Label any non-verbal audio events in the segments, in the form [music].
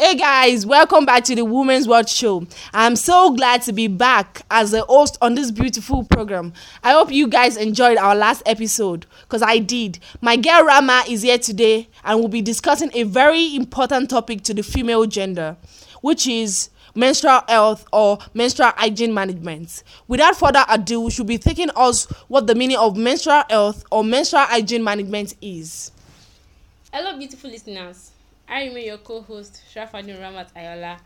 Hey guys, welcome back to the Women's World Show. I'm so glad to be back as a host on this beautiful program. I hope you guys enjoyed our last episode because I did. My girl Rama is here today and we'll be discussing a very important topic to the female gender, which is menstrual health or menstrual hygiene management. Without further ado, we should be taking us what the meaning of menstrual health or menstrual hygiene management is. Hello, beautiful listeners. I remain your co-host Shafani Ramat Ayola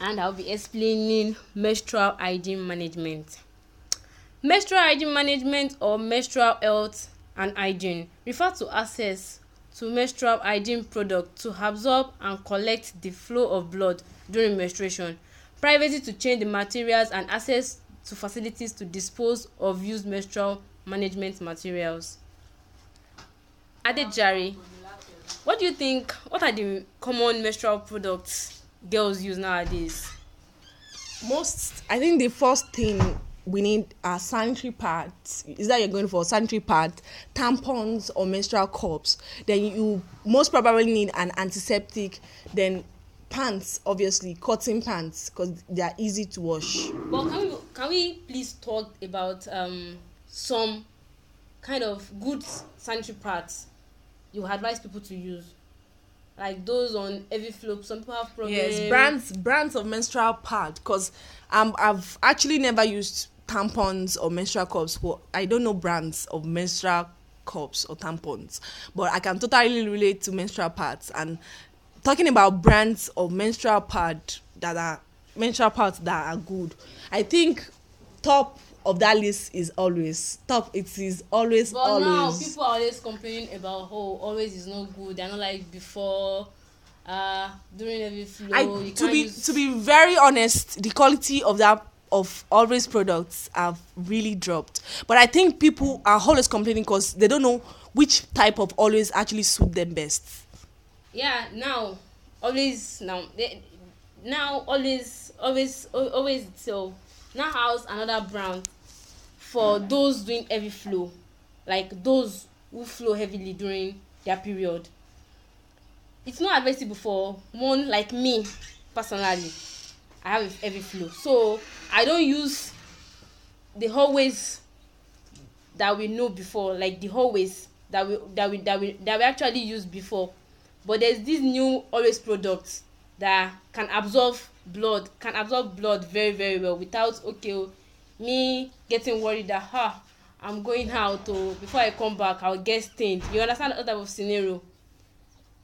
and I'll be explaining menstrual hygiene management. Menstrual hygiene management or menstrual health and hygiene refer to access to menstrual hygiene products to absorb and collect the flow of blood during menstruation, privacy to change the materials and access to facilities to dispose of used menstrual management materials. Adejare what do you think what are the common menstrual products girls use nowadays. most i think the first thing we need are sanitary pads is that you're going for sanitary pads tampons or menstrual cups then you most probably need an antiseptic then pants obviously cotton pants because they are easy to wash. but can we can we please talk about um, some kind of good sanitary pads you advise people to use like those on heavy flow some people have problems yes brands brands of menstrual pad because um, i've actually never used tampons or menstrual cups but i don't know brands of menstrual cups or tampons but i can totally relate to menstrual pads and talking about brands of menstrual pad that are menstrual pads that are good i think top of that list is always top it is always but always but now people are always complaining about oh always is not good they're not like before uh during every flow I, you to be use... to be very honest the quality of that of always products have really dropped but i think people are always complaining because they don't know which type of always actually suit them best yeah now always now they, now always always always so now house another brand for mm. those doing heavy flow like those who flow heavily during their period it's not advisable for one like me personally i have heavy flow so i don use the always that we know before like the always that we that we that we that we actually use before but there's this new always product that can absorb blood can absorb blood very very well without okay o me getting worried that ah i'm going out o oh, before i come back I will get stained you understand that type of scenario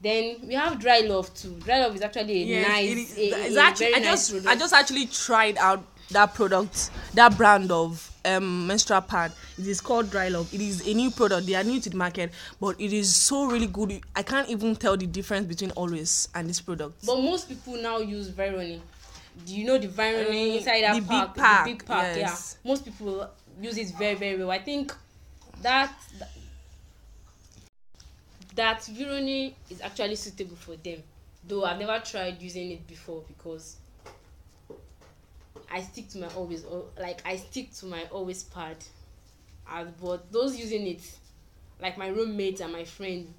then we have dry love too dry love is actually a yes, nice it is, a, a actually, very I nice product i just actually tried out that product that brand of um, menstrual pad. It is called Dry Love. It is a new product. They are new to the market, but it is so really good. I can't even tell the difference between Always and this product. But most people now use Veroni. Do you know the Veroni um, inside that the pack, big pack? The big pack. Yes. Yeah. Most people use it very very well. I think that that Veroni is actually suitable for them. Though I've never tried using it before because I stick to my always, like I stick to my always part. As ah, but those using it, like my roommates and my friend,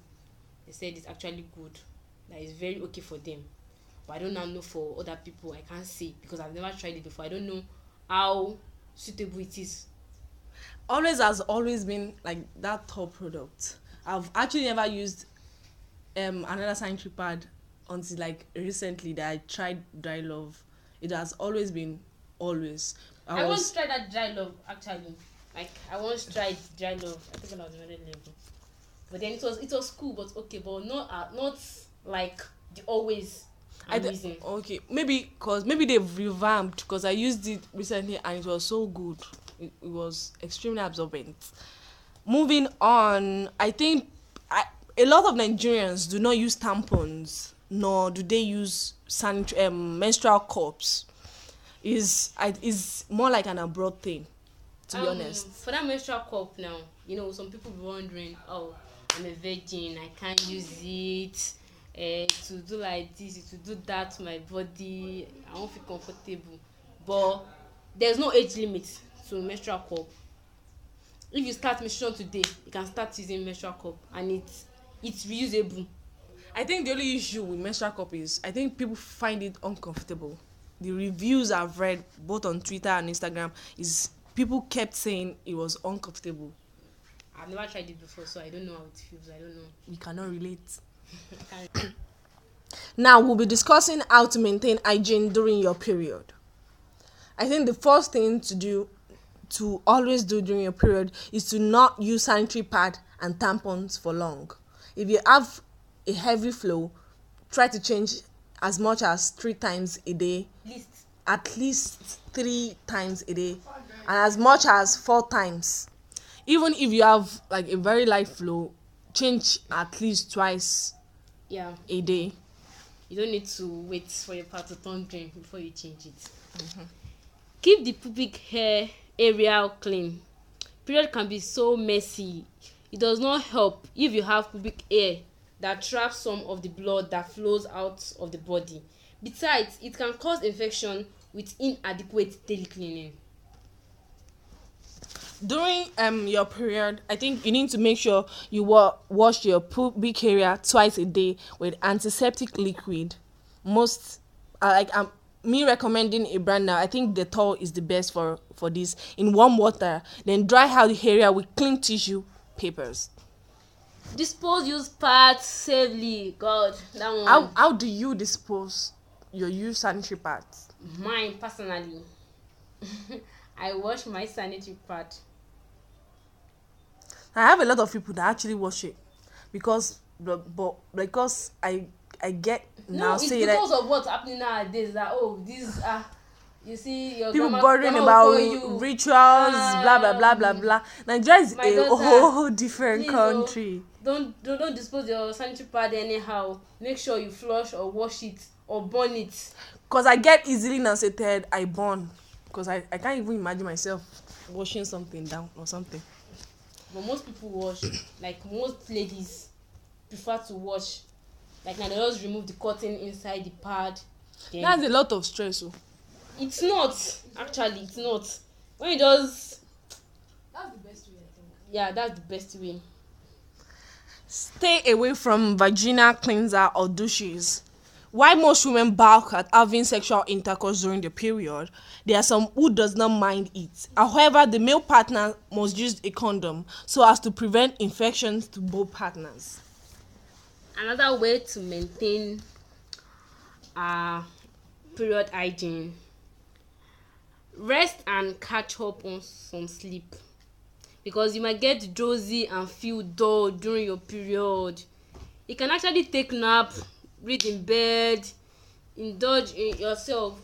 they said it's actually good. That it's very okay for them. But I don't now know for other people. I can't say because I've never tried it before. I don't know how suitable it is. Always has always been like that top product. I've actually never used um another sanitary pad until like recently that I tried dry love. It has always been always. I, I was, once tried that dry love actually. Like I once tried dry love. I think when I was very little, but then it was it was cool, but okay, but not uh, not like the always. I d- okay, maybe cause maybe they've revamped because I used it recently and it was so good. It, it was extremely absorbent. Moving on, I think I, a lot of Nigerians do not use tampons nor do they use sanit- um, menstrual cups is is more like an abroad thing to um, be honest for that menstrual cup now you know some people be wondering oh i'm a virgin i can't use it uh, eh, to do like this to do that to my body i don't feel comfortable but there's no age limit to menstrual cup if you start menstruation today you can start using menstrual cup and it's it's reusable i think the only issue with menstrual cup is i think people find it uncomfortable the reviews I've read both on Twitter and Instagram is people kept saying it was uncomfortable. I've never tried it before, so I don't know how it feels. I don't know. We cannot relate. [coughs] now we'll be discussing how to maintain hygiene during your period. I think the first thing to do to always do during your period is to not use sanitary pad and tampons for long. If you have a heavy flow, try to change as much as three times a day least. at least three times a day and as much as four times even if you have like a very light flow change at least twice yeah. a day you don't need to wait for your part to turn green before you change it mm-hmm. keep the pubic hair area clean period can be so messy it does not help if you have pubic hair that traps some of the blood that flows out of the body. Besides, it can cause infection with inadequate daily cleaning. During um your period, I think you need to make sure you wa- wash your pubic area twice a day with antiseptic liquid. Most uh, like um, me recommending a brand now i think the towel is the best for for this in warm water then dry out the area with clean tissue papers dispose used parts safely god that one. how how do you dispose your used sanitary pads? mine personally [laughs] i wash my sanitary pad. i have a lot of people that actually wash it because but, but because i i get no, now say like of what's happening nowadays that oh these ah. Uh, you see your people bothering about rituals um, blah blah blah blah ah, blah nigeria is a daughter, whole different oh. country don't don't, don't dispose your sanitary pad anyhow make sure you flush or wash it or burn it. cause i get easily nauseated i burn cause i i can't even imagine myself washing something down or something. but most people wash [coughs] like most ladies prefer to wash like na they just remove the cotton inside the pad. Then that's a lot of stress o. Oh. it's not actually it's not when you just. that's the best way i think. yeah that's the best way. Stay away from vaginal cleanser or douches. Why most women balk at having sexual intercourse during the period, there are some who does not mind it. However, the male partner must use a condom so as to prevent infections to both partners. Another way to maintain uh, period hygiene rest and catch up on some sleep. because you might get dozy and feel dull during your period you can actually take nap read in bed indulge in yourself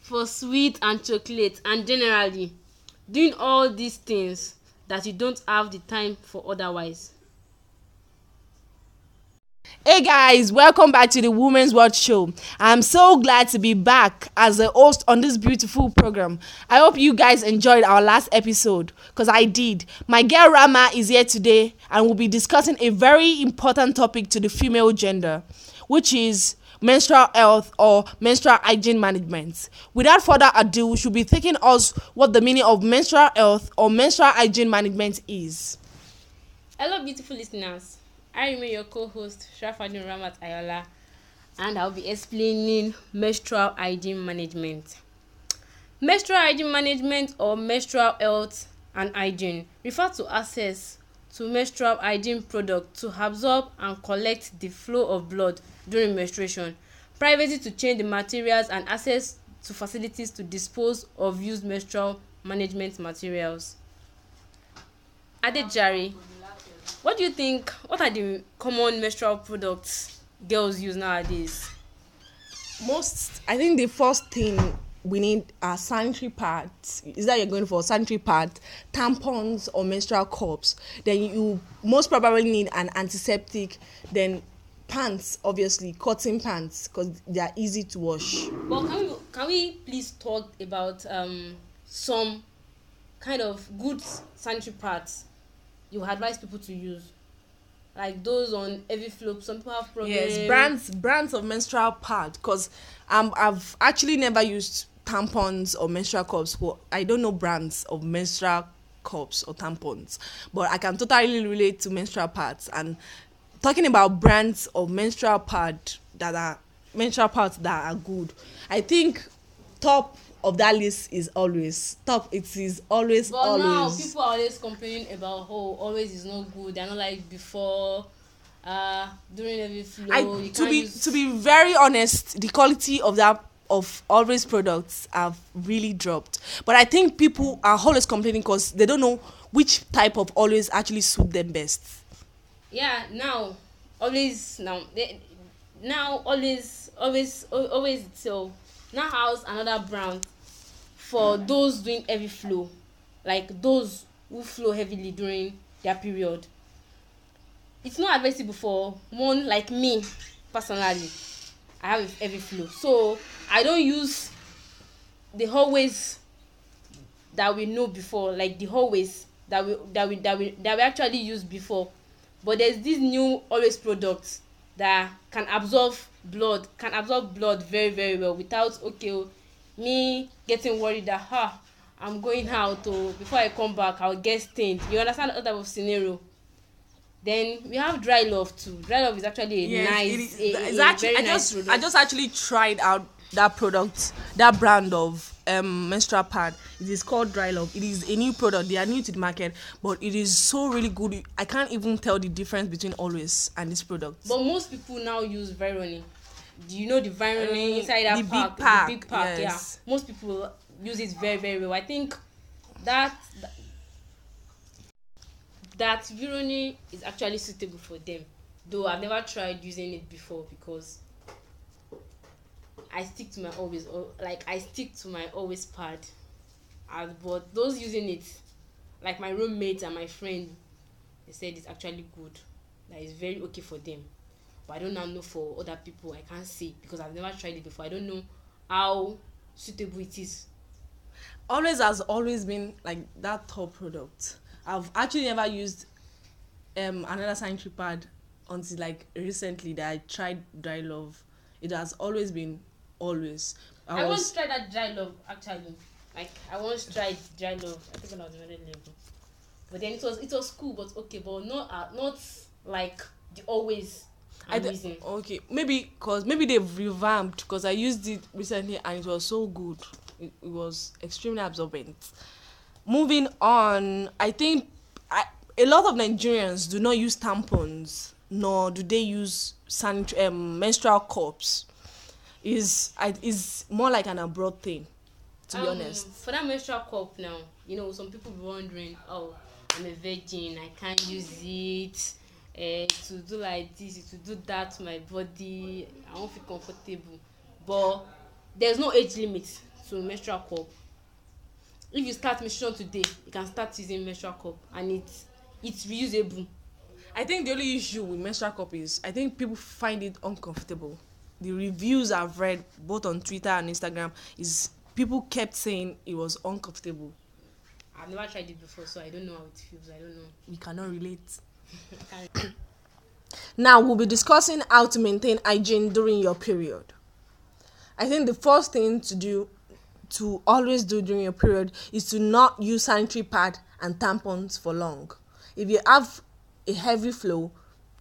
for sweet and chocolate and generally doing all these things that you don't have the time for otherwise. Hey guys, welcome back to the Women's World Show. I'm so glad to be back as a host on this beautiful program. I hope you guys enjoyed our last episode because I did. My girl Rama is here today and we'll be discussing a very important topic to the female gender, which is menstrual health or menstrual hygiene management. Without further ado, we should be taking us what the meaning of menstrual health or menstrual hygiene management is. Hello, beautiful listeners. I remain your co-host Shafani Ramat Ayola and I'll be explaining menstrual hygiene management. Menstrual hygiene management or menstrual health and hygiene refer to access to menstrual hygiene products to absorb and collect the flow of blood during menstruation, privacy to change the materials and access to facilities to dispose of used menstrual management materials. Adejare what do you think what are the common menstrual products girls use nowadays. most i think the first thing we need are sanitary pads is that you're going for sanitary pads tampons or menstrual cups then you most probably need an antiseptic then pants obviously cotton pants because they are easy to wash. but can we can we please talk about um, some kind of good sanitary pads you advise people to use like those on heavy flow some people have problems yes brands brands of menstrual pad because am um, i've actually never used tampons or menstrual cups well i don't know brands of menstrual cups or tampons but i can totally relate to menstrual pads and talking about brands of menstrual pad that are menstrual pads that are good i think top of that list is always top it is always but always. but now people are always complaining about oh always is not good they are not like before uh during every flow I, to be use... to be very honest the quality of that of always products have really dropped but i think people are always complaining because they don't know which type of always actually suit them best yeah now always now they, now always always always so now house another brand for mm. those doing heavy flow like those who flow heavily during their period it's not advisable for one like me personally i have heavy flow so i don't use the hallways that we know before like the hallways that we that we that we that we actually use before but there's this new always product that can absorb blood can absorb blood very very well without okay o oh, me getting worried that ah i'm going out o oh, before i come back i'll get stained you understand that type of scenario then we have dry love too dry love is actually a yes, nice is, a, a actually, very I nice just, i just actually tried out that product that brand of um, menstrual pad it is called dry love it is a new product they are new to the market but it is so really good i can't even tell the difference between always and this product but most people now use veroni do you know the veroni mm, inside that the pack, big pack the big pack yes. yeah most people use it very very well i think that that, that veroni is actually suitable for them though i've never tried using it before because I stick to my always like I stick to my always part. As but those using it, like my roommates and my friend, they said it's actually good. That it's very okay for them. But I don't now know for other people. I can't say because I've never tried it before. I don't know how suitable it is. Always has always been like that top product. I've actually never used um another sanitary pad until like recently that I tried dry love. It has always been always. I, I was, once tried that dry love actually. Like I once tried dry love. I think when I was very little, but then it was it was cool, but okay, but not uh, not like the always. I d- okay maybe because maybe they've revamped because I used it recently and it was so good it, it was extremely absorbent moving on I think I, a lot of Nigerians do not use tampons nor do they use sanit- um, menstrual cups is is more like an abroad thing to um, be honest for that menstrual cup now you know some people be wondering oh i'm a virgin i can't use it uh, eh, to do like this to do that to my body i won't feel comfortable but there's no age limit to menstrual cup if you start menstruation today you can start using menstrual cup and it's it's reusable i think the only issue with menstrual cup is i think people find it uncomfortable the reviews I've read both on Twitter and Instagram is people kept saying it was uncomfortable. I've never tried it before, so I don't know how it feels. I don't know. We cannot relate. [coughs] now we'll be discussing how to maintain hygiene during your period. I think the first thing to do to always do during your period is to not use sanitary pad and tampons for long. If you have a heavy flow,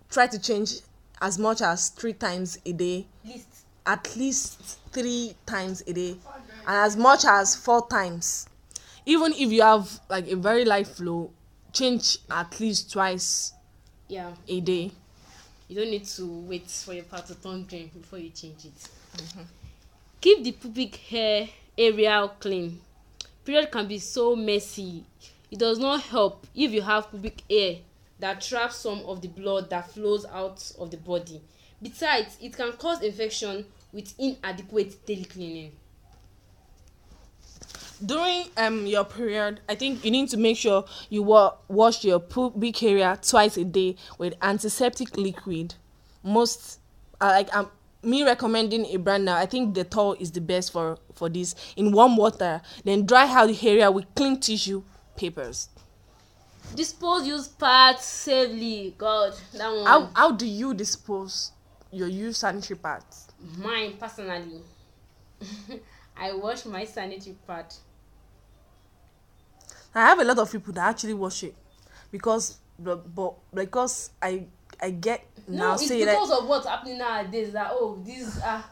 try to change as much as three times a day least. at least three times a day and as much as four times even if you have like a very light flow change at least twice yeah. a day you don't need to wait for your part to turn green before you change it mm-hmm. keep the pubic hair area clean period can be so messy it does not help if you have pubic hair that trap some of the blood that flows out of the body. Besides, it can cause infection with inadequate daily cleaning. During um, your period, I think you need to make sure you wa- wash your pubic area twice a day with antiseptic liquid. Most, uh, like um, me recommending a brand now, I think the towel is the best for for this. In warm water, then dry out the area with clean tissue papers dispose used parts safely god that one. how how do you dispose your used sanitary pads? mine personally [laughs] i wash my sanitary pad. i have a lot of people that actually wash it because but, but because i i get no, now say like no it's because of what's happening nowadays that oh these ah Uh,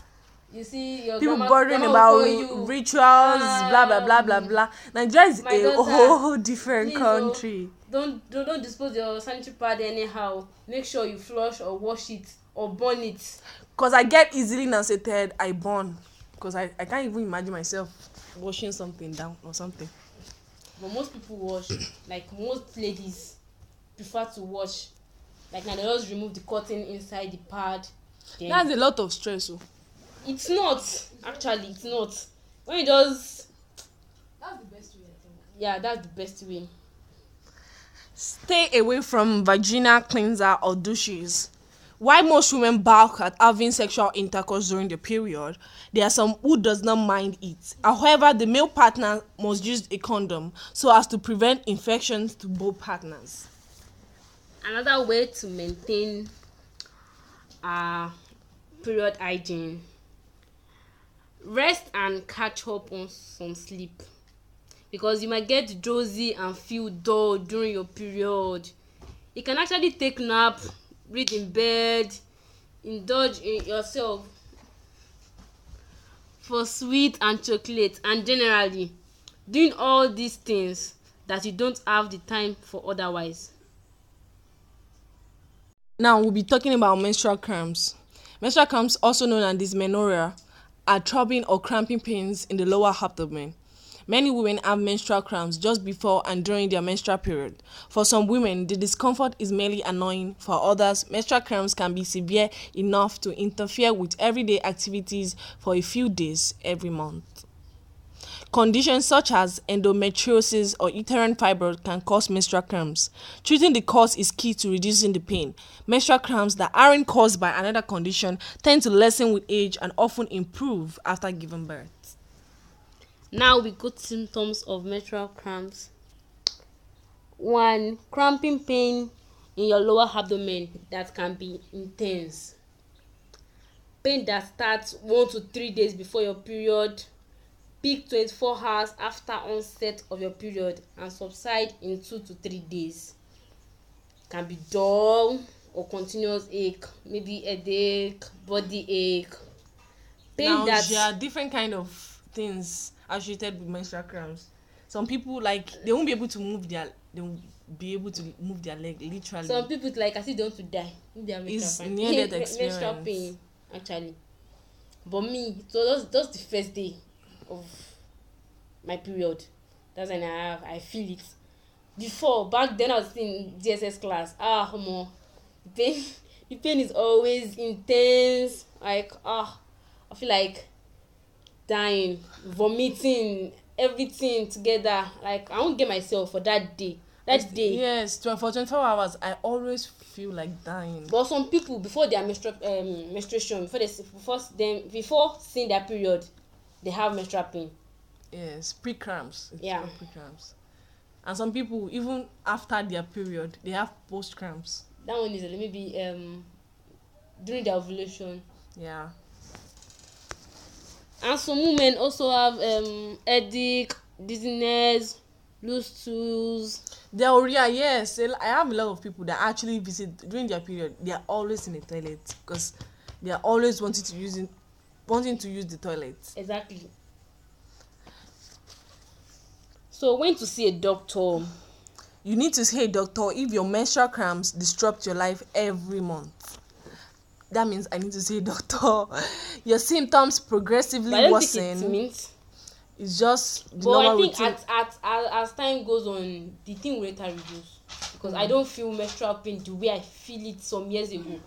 you see your people grandma, bothering grandma about you. rituals uh, blah blah blah blah ah, blah nigeria is a whole [laughs] different oh. country oh, don't don't, don't dispose your sanitary pad anyhow make sure you flush or wash it or burn it. cause i get easily nauseated i burn cause i i can't even imagine myself washing something down or something. but most people wash [coughs] like most ladies prefer to wash like na they just remove the cotton inside the pad. Then that's a lot of stress o. Oh. it's not actually it's not when you just. that's the best way i think. yeah that's the best way. Stay away from vaginal cleanser or douches. Why most women balk at having sexual intercourse during the period, there are some who does not mind it. However, the male partner must use a condom so as to prevent infections to both partners. Another way to maintain uh, period hygiene rest and catch up on some sleep because you might get dozy and feel dull during your period you can actually take nap read in bed indulge in yourself for sweet and chocolate and generally doing all these things that you don't have the time for otherwise. Now we'll be talking about menstrual cramps. Menstrual cramps, also known as dysmenorrhea, are throbbing or cramping pains in the lower abdomen. Many women have menstrual cramps just before and during their menstrual period. For some women, the discomfort is merely annoying. For others, menstrual cramps can be severe enough to interfere with everyday activities for a few days every month. Conditions such as endometriosis or uterine fibroids can cause menstrual cramps. Treating the cause is key to reducing the pain. Menstrual cramps that aren't caused by another condition tend to lessen with age and often improve after giving birth. Now we go to symptoms of menstrual cramps. One cramping pain in your lower abdomen that can be intense. Pain that starts one to three days before your period peak twenty four hours after onset of your period and subside in two to three days. Can be dull or continuous ache maybe headache body ache. Pain nausea, that nausea different kind of things associated with menstrual cramps. Some people like they won't be able to move their they will be able to move their leg literally. Some people like I see they want to die It's near that [laughs] experience. Menstrual pain actually. But me, so that's that's the first day of my period. That's when I have I feel it. Before back then I was in DSS class. Ah, homo. The pain, [laughs] the pain is always intense. Like ah, I feel like dying vomiting everything together like i wan get myself for that day that day. yes for twenty four hours i always feel like dying. but some people before their menstru um, menstruation before they before them before seeing their period they have menstrual pain. yes pre cramps. yeah pre cramps and some people even after their period they have post cramps. that one is maybe um, during their ovulation. yeah and some women also have um, headache dizziness loose stools. diarrhea ah, yes i have a lot of people that actually visit during their period they are always in the toilet because they are always wanting to use in, wanting to use the toilet. exactly so when to see a doctor. you need to see a doctor if your menstrual cramps disrupt your life every month that means I need to see a doctor. [laughs] Your symptoms progressively but I don't worsen. Think it means. It's just the but normal I think routine. At, at, as time goes on, the thing will later reduce because mm. I don't feel menstrual pain the way I feel it some years ago.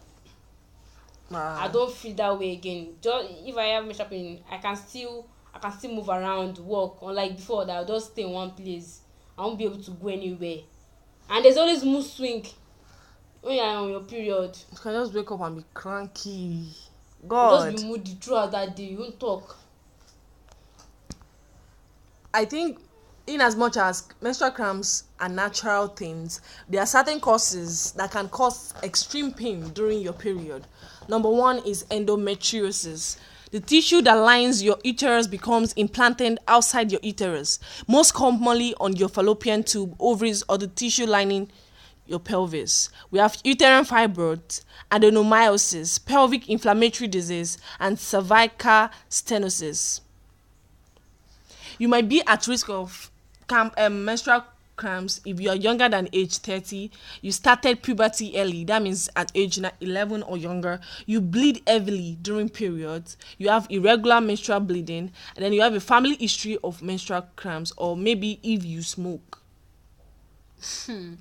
Ah. I don't feel that way again. Just if I have menstrual pain, I can still I can still move around, walk. Unlike before, that I'll just stay in one place. I won't be able to go anywhere. And there's always mood swing. when you are on your period. you can just wake up and be cranky god you just be moody throughout that day you won't talk. i think in as much as menstrual cramps are natural things there are certain causes that can cause extreme pain during your period number one is endometriosis the tissue that lines your uterus becomes implanted outside your uterus most commonly on your fallopian tube ovaries or the tissue lining your pelvis. We have uterine fibroids, adenomyosis, pelvic inflammatory disease, and cervical stenosis. You might be at risk of um, menstrual cramps if you are younger than age 30 you started puberty early that means at age 11 or younger you bleed heavily during periods you have irregular menstrual bleeding and then you have a family history of menstrual cramps or maybe if you smoke hmm.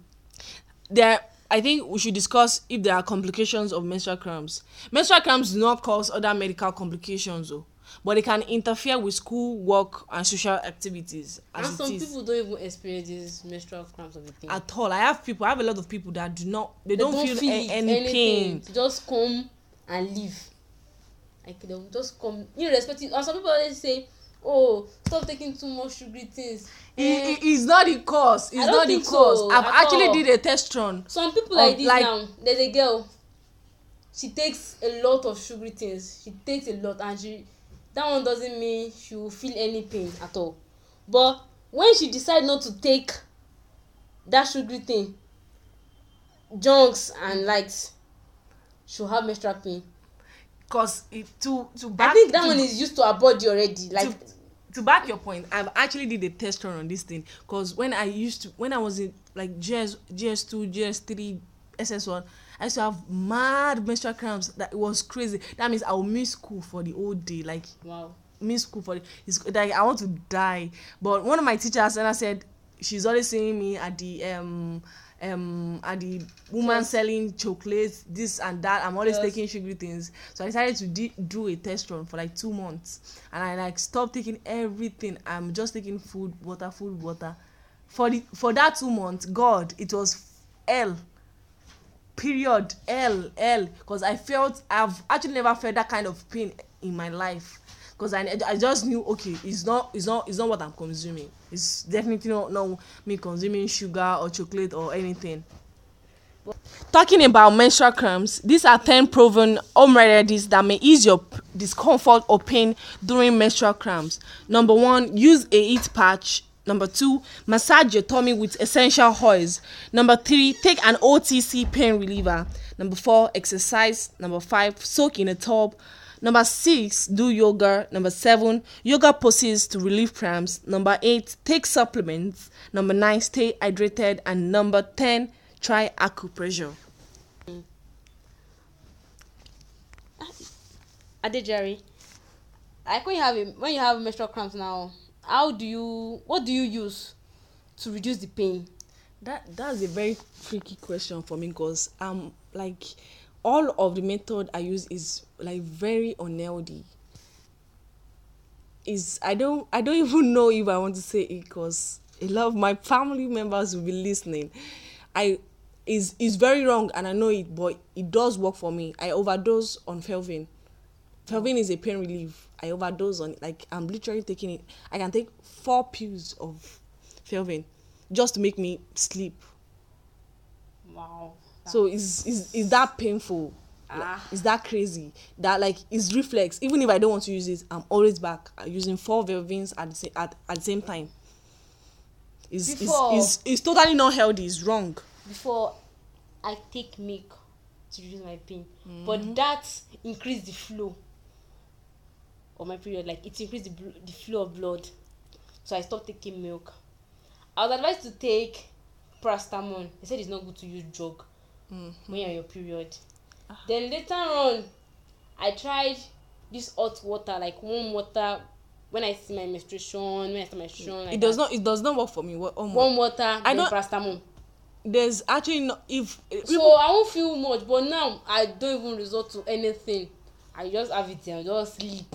there I think we should discuss if there are complications of menstrual cramps. Menstrual cramps do not cause other medical complications though, but they can interfere with school, work, and social activities. As and some is. people don't even experience these menstrual cramps of the thing. At all. I have people, I have a lot of people that do not, they, they don't, don't feel, feel any anything. pain. Just come and leave. Like, they'll just come, irrespective. And some people always say, oh stop taking too much sugary things. E eh, it, it's not the cause it's not the cause so, I've actually did a test run. some people of, like this like, now there's a girl she takes a lot of sugary things she takes a lot and she that one doesn't mean she will feel any pain at all but when she decide not to take that sugary thing junks and lights she'll have menstrual pain. cause if to to back. i think that to, one is used to her body already like to, to back your point i've actually did a test run on this thing because when i used to when i was in like gs gs2 gs3 ss1 i used to have mad menstrual cramps that it was crazy that means i will miss school for the whole day like wow miss school for the it's like i want to die but one of my teachers and i said she's always seeing me at the um um and the woman yes. selling chocolates this and that i'm always yes. taking sugary things so i decided to de- do a test run for like two months and i like stopped taking everything i'm just taking food water food water for the for that two months god it was hell period hell hell because i felt i've actually never felt that kind of pain in my life because I, I just knew okay it's not it's not it's not what i'm consuming It's definitely not, not me consuming sugar or chocolate or anything. Talking about menstrual cramps, these are 10 proven home remedies that may ease your discomfort or pain during menstrual cramps. Number one, use a heat patch. Number two, massage your tummy with essential oils. Number three, take an OTC pain reliever. Number four, exercise. Number five, soak in a tub. Number six, do yoga. Number seven, yoga poses to relieve cramps. Number eight, take supplements. Number nine, stay hydrated. And number 10, try acupressure. Ade Jerry, like when you have a, when you have menstrual cramps now, how do you what do you use to reduce the pain? That that's a very tricky question for me because I'm like all of the method I use is like very unhealthy. Is I don't I don't [laughs] even know if I want to say it because a lot of my family members will be listening. I is is very wrong and I know it, but it does work for me. I overdose on Felvin. Felvin is a pain relief. I overdose on it. Like I'm literally taking it. I can take four pills of Felvin just to make me sleep. Wow so is is is that painful ah. like, that crazy that like it's reflex even if i don't want to use it i'm always back I'm uh, using four velvins at the same at, at the same time Is is is totally not healthy it's wrong before i take milk to reduce my pain mm but that increase the flow of my period like it increase the, bl- the flow of blood so i stop taking milk i was advised to take paracetamol they said it's not good to use drug mm. when you're your period. Uh. Then later on, I tried this hot water, like warm water. When I see my menstruation, when I see menstruation, like it does that. not. It does not work for me. Warm, warm water, I don't. There's actually not if. Eh, people, so I won't feel much, but now I don't even resort to anything. I just have it and just sleep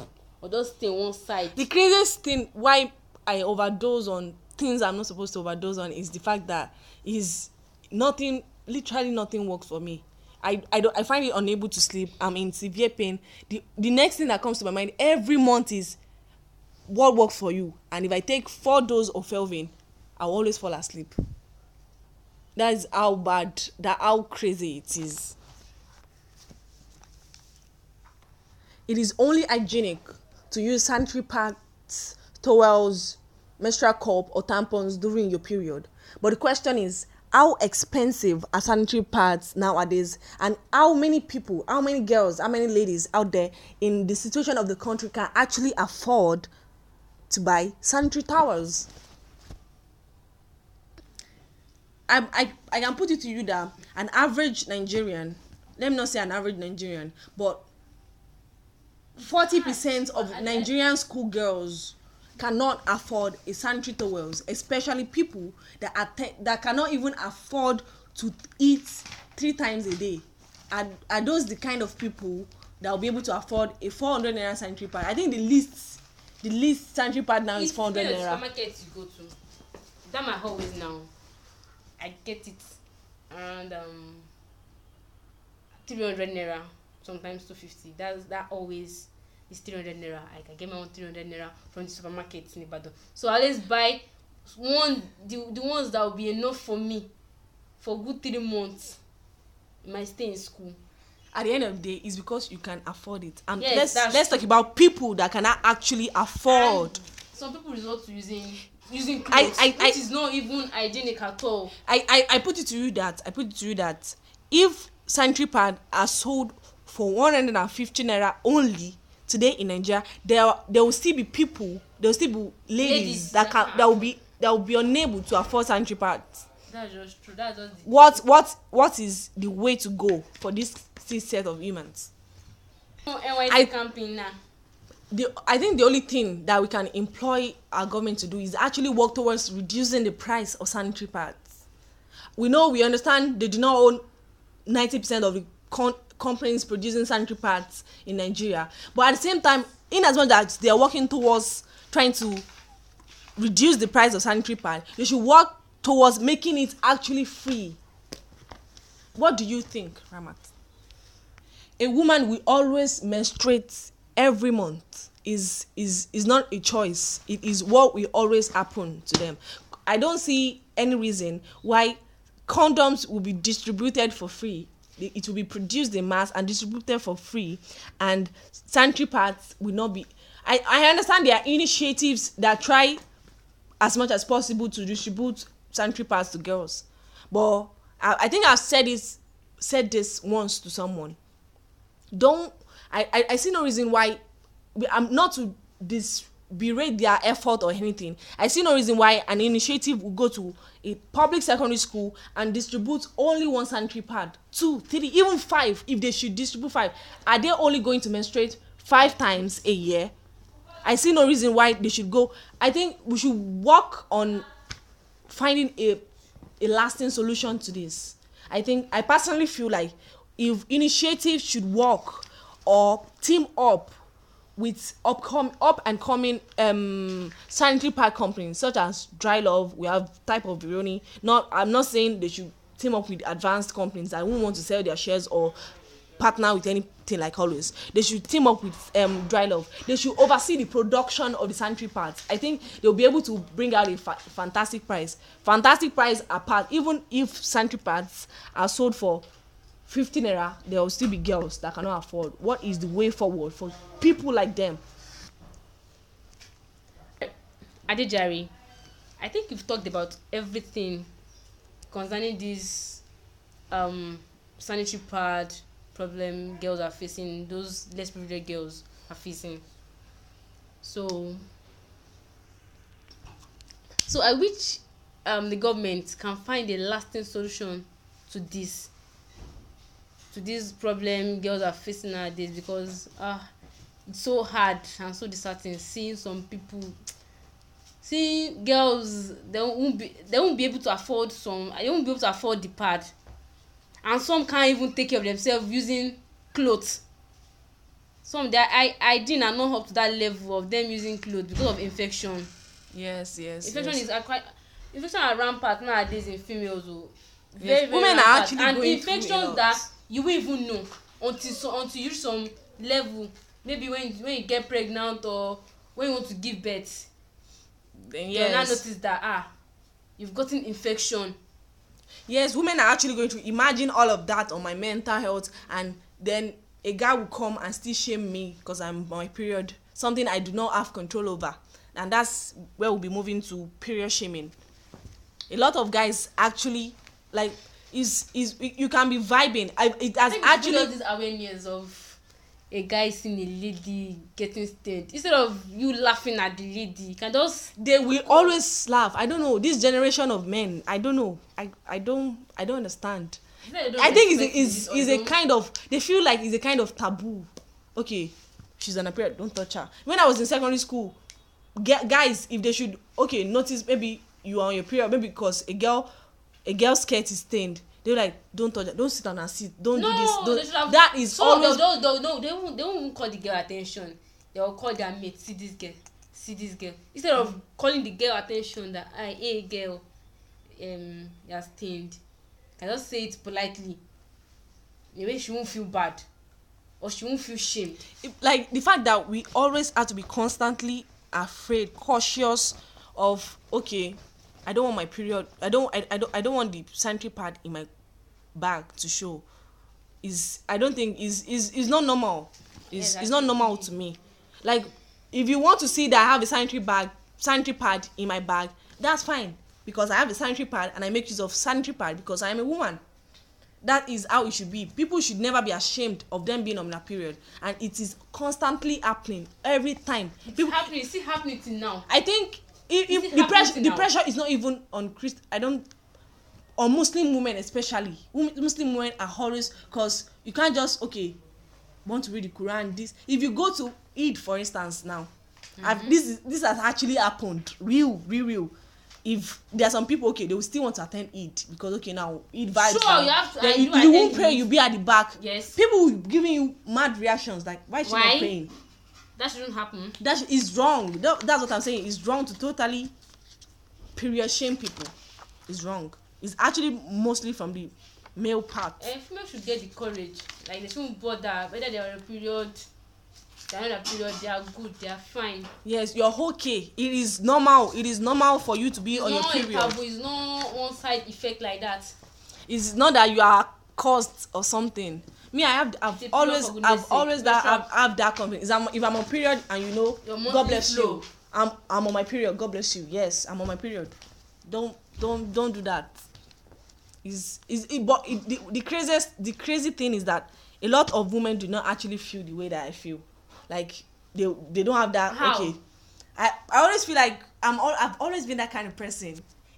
or just stay on one side. The craziest thing why I overdose on things I'm not supposed to overdose on is the fact that is nothing literally nothing works for me. I, I, don't, I find it unable to sleep. I'm in severe pain. The, the next thing that comes to my mind every month is what works for you. And if I take four doses of Felvin, I'll always fall asleep. That is how bad, that how crazy it is. It is only hygienic to use sanitary pads, towels, menstrual cup, or tampons during your period. But the question is, how expensive are sanitary pads nowadays and how many people how many girls how many ladies out there in the situation of the country can actually afford to buy sanitary towels I, I, I can put it to you that an average Nigerian, let me not say an average Nigerian, but 40% of Nigerian schoolgirls cannot afford a sanitary towels especially people that are te- that cannot even afford to eat three times a day are are those the kind of people that will be able to afford a four hundred naira sanitary pad i think the least the least sanitary pad now it is four hundred naira. it's still the supermarket you go to that my always now i get it around um, three hundred naira sometimes two fifty that's that always is 300 naira i can get my own 300 naira from the supermarket in ibadan so i always buy one the the ones that will be enough for me for good three months my stay in school at the end of the day it's because you can afford it and yes, let's let's true. talk about people that cannot actually afford and some people resort to using using clothes I, I, which I, is not even hygienic at all I, I i put it to you that i put it to you that if sanitary pad are sold for one hundred and 150 naira only today in Nigeria, there there will still be people, there will still be ladies, ladies that can that will be that will be unable to afford sanitary pads. That's just true. That's just what what what is the way to go for this set of humans? NYC I, campaign now. The, I think the only thing that we can employ our government to do is actually work towards reducing the price of sanitary pads. We know, we understand they do not own 90% of the con- companies producing sanitary pads in Nigeria. But at the same time, in as much as they are working towards trying to reduce the price of sanitary pad, they should work towards making it actually free. What do you think, Ramat? A woman will always menstruate every month is is is not a choice it is what will always happen to them i don't see any reason why condoms will be distributed for free it will be produced in mass and distributed for free and sanitary pads will not be i i understand there are initiatives that try as much as possible to distribute sanitary pads to girls but i i think i've said this said this once to someone don't i i, I see no reason why i'm not to this berate their effort or anything. I see no reason why an initiative would go to a public secondary school and distribute only one sanitary pad, two, three, even five, if they should distribute five. Are they only going to menstruate five times a year? I see no reason why they should go. I think we should work on finding a, a lasting solution to this. I think I personally feel like if initiatives should work or team up with upcom- up and coming um, sanitary pad companies such as Dry Love, we have type of Vironi. Not, I'm not saying they should team up with advanced companies that won't want to sell their shares or partner with anything like always. They should team up with um, Dry Love. They should oversee the production of the sanitary pads. I think they'll be able to bring out a fa- fantastic price. Fantastic price apart, even if sanitary pads are sold for 50 naira there will still be girls that cannot afford what is the way forward for people like them adejare i think you've talked about everything concerning this um, sanitary pad problem girls are facing those less privileged girls are facing so so i wish um, the government can find a lasting solution to this to this problem girls are facing nowadays because ah it's so hard and so disheartening seeing some people seeing girls they won't be they won't be able to afford some they won't be able to afford the pad and some can't even take care of themselves using clothes some their hygiene are not up to that level of them using clothes because of infection. yes yes infection yes. is quite infection are rampant nowadays in females o. Oh. Very, yes very women rampant. are actually going through a and infections that you won't even know until so until you reach some level maybe when you when you get pregnant or when you want to give birth then yes you now notice that ah you've gotten infection. yes women are actually going to imagine all of that on my mental health and then a guy will come and still shame me because i'm my period something i do not have control over and that's where we'll be moving to period shaming a lot of guys actually like is is you can be vibing I, it has Maybe actually all this awareness of a guy seeing a lady getting stared instead of you laughing at the lady you can just they will always laugh i don't know this generation of men i don't know i i don't i don't understand don't i think is is is a kind of they feel like is a kind of taboo okay she's on a period don't touch her when i was in secondary school guys if they should okay notice maybe you are on your period maybe because a girl a girl's skirt is stained they like don't touch that don't sit on and seat, don't no, do this don't that is so always no no no they won't they won't call the girl at ten tion they will call their mate see this girl see this girl instead of calling the girl at ten tion that ah hey girl um you are stained i just say it politely Maybe she won't feel bad or she won't feel shamed. like the fact that we always have to be constantly afraid cautious of okay I don't want my period. I don't. I, I don't. I don't want the sanitary pad in my bag to show. Is I don't think is is is not normal. Is yeah, is not normal to me. Like if you want to see that I have a sanitary bag, sanitary pad in my bag, that's fine because I have a sanitary pad and I make use of sanitary pad because I am a woman. That is how it should be. People should never be ashamed of them being on their period, and it is constantly happening every time. It's people, happening. It's still happening till now. I think if, the pressure the pressure is not even on Christ I don't on Muslim women especially Muslim women are always cause you can't just okay want to read the Quran this if you go to Eid for instance now mm-hmm. this this has actually happened real real real if there are some people okay they will still want to attend Eid because okay now Eid vibes sure, now you have to, then you, you won't pray you be at the back yes people will giving you mad reactions like why she why? not praying that shouldn't happen. That sh- is wrong. That, that's what I'm saying. It's wrong to totally period shame people. It's wrong. It's actually mostly from the male part. And eh, female should get the courage. Like they shouldn't bother whether they are a period. They are on period. They are good. They are fine. Yes, you're okay. It is normal. It is normal for you to be it's on your period. It's not taboo. It's not one side effect like that. It's not that you are caused or something me i have i've always i've always that i've have that confidence I'm, if i'm on period and you know god bless flow. you i'm i'm on my period god bless you yes i'm on my period don't don't don't do that is is it but it, the, the craziest the crazy thing is that a lot of women do not actually feel the way that i feel like they they don't have that How? okay i i always feel like i'm all i've always been that kind of person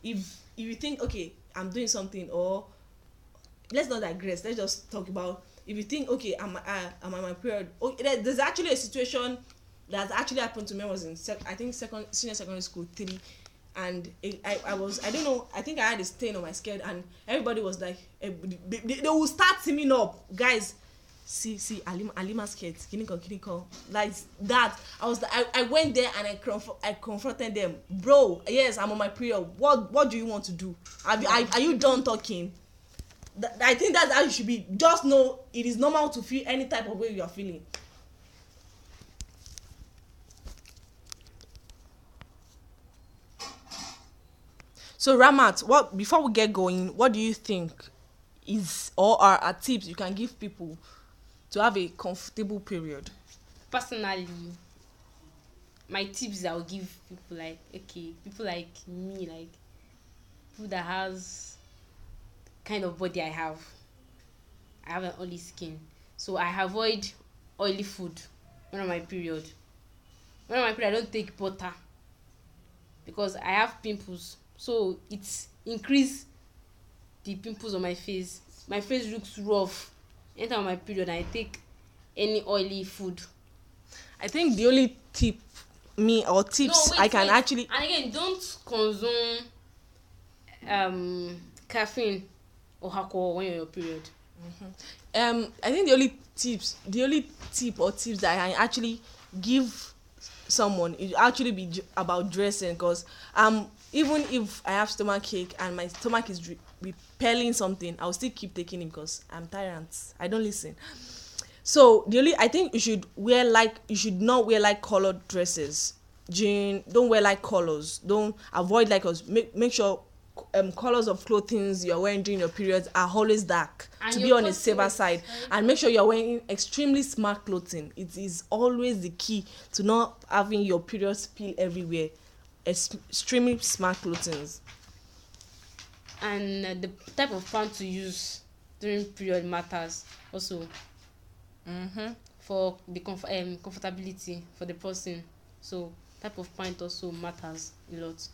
if if you think okay i'm doing something or let's not digress let's just talk about if you think okay i'm uh, i'm on my period oh, there, there's actually a situation that actually happened to me I was in sec- i think second senior secondary school three and it, I, I was i don't know i think i had a stain on my skirt and everybody was like eh, they, they, they will start teaming up guys see see alima alima skirt kiniko kiniko like that i was i, I went there and I, conf I confronted them bro yes i'm on my period what what do you want to do are, are, are you done talking th i think that's how you should be just know it is normal to feel any type of way you are feeling. so ramat what before we get going what do you think is or are, are tips you can give people to have a comfortable period. personally my tips i will give people like okay people like me like people that has kind of body I have. I have an oily skin. So I avoid oily food when on my period. When on my period, I don't take butter because I have pimples. So it's increase the pimples on my face. My face looks rough. Anytime my period, I take any oily food. I think the only tip me or tips no, wait, I can wait. actually and again don't consume um caffeine or alcohol when you're your period? Mm-hmm. Um, I think the only tips, the only tip or tips that I actually give someone is actually be about dressing because um even if I have stomach ache and my stomach is re- repelling something, I'll still keep taking it because I'm tyrant. I don't listen. So the only I think you should wear like you should not wear like colored dresses. Jean, don't wear like colors. Don't avoid like us. Make make sure um, colors of clothing you're wearing during your periods are always dark and to be on a safer side and make sure you're wearing extremely smart clothing it is always the key to not having your period spill everywhere extremely smart clothing. and uh, the type of pant to use during period matters also mm-hmm. for the comf- um, comfortability for the person so type of pant also matters a lot.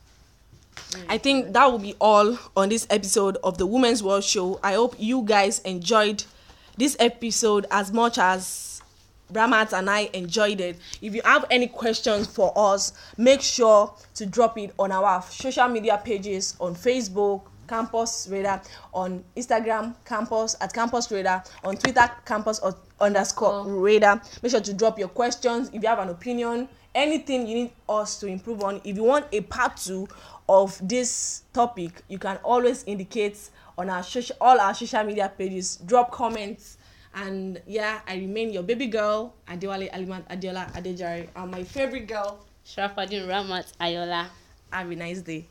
I think that will be all on this episode of the Women's World Show. I hope you guys enjoyed this episode as much as Bramat and I enjoyed it. If you have any questions for us, make sure to drop it on our social media pages on Facebook, Campus Radar, on Instagram, Campus at Campus Radar, on Twitter, Campus underscore oh. Radar. Make sure to drop your questions. If you have an opinion, anything you need us to improve on if you want a part two of this topic you can always indicate on our social all our social media pages drop comments and yeah i remain your baby girl adewale alimat adeola adejare and my favorite girl shrafaddin ramat ayola have a nice day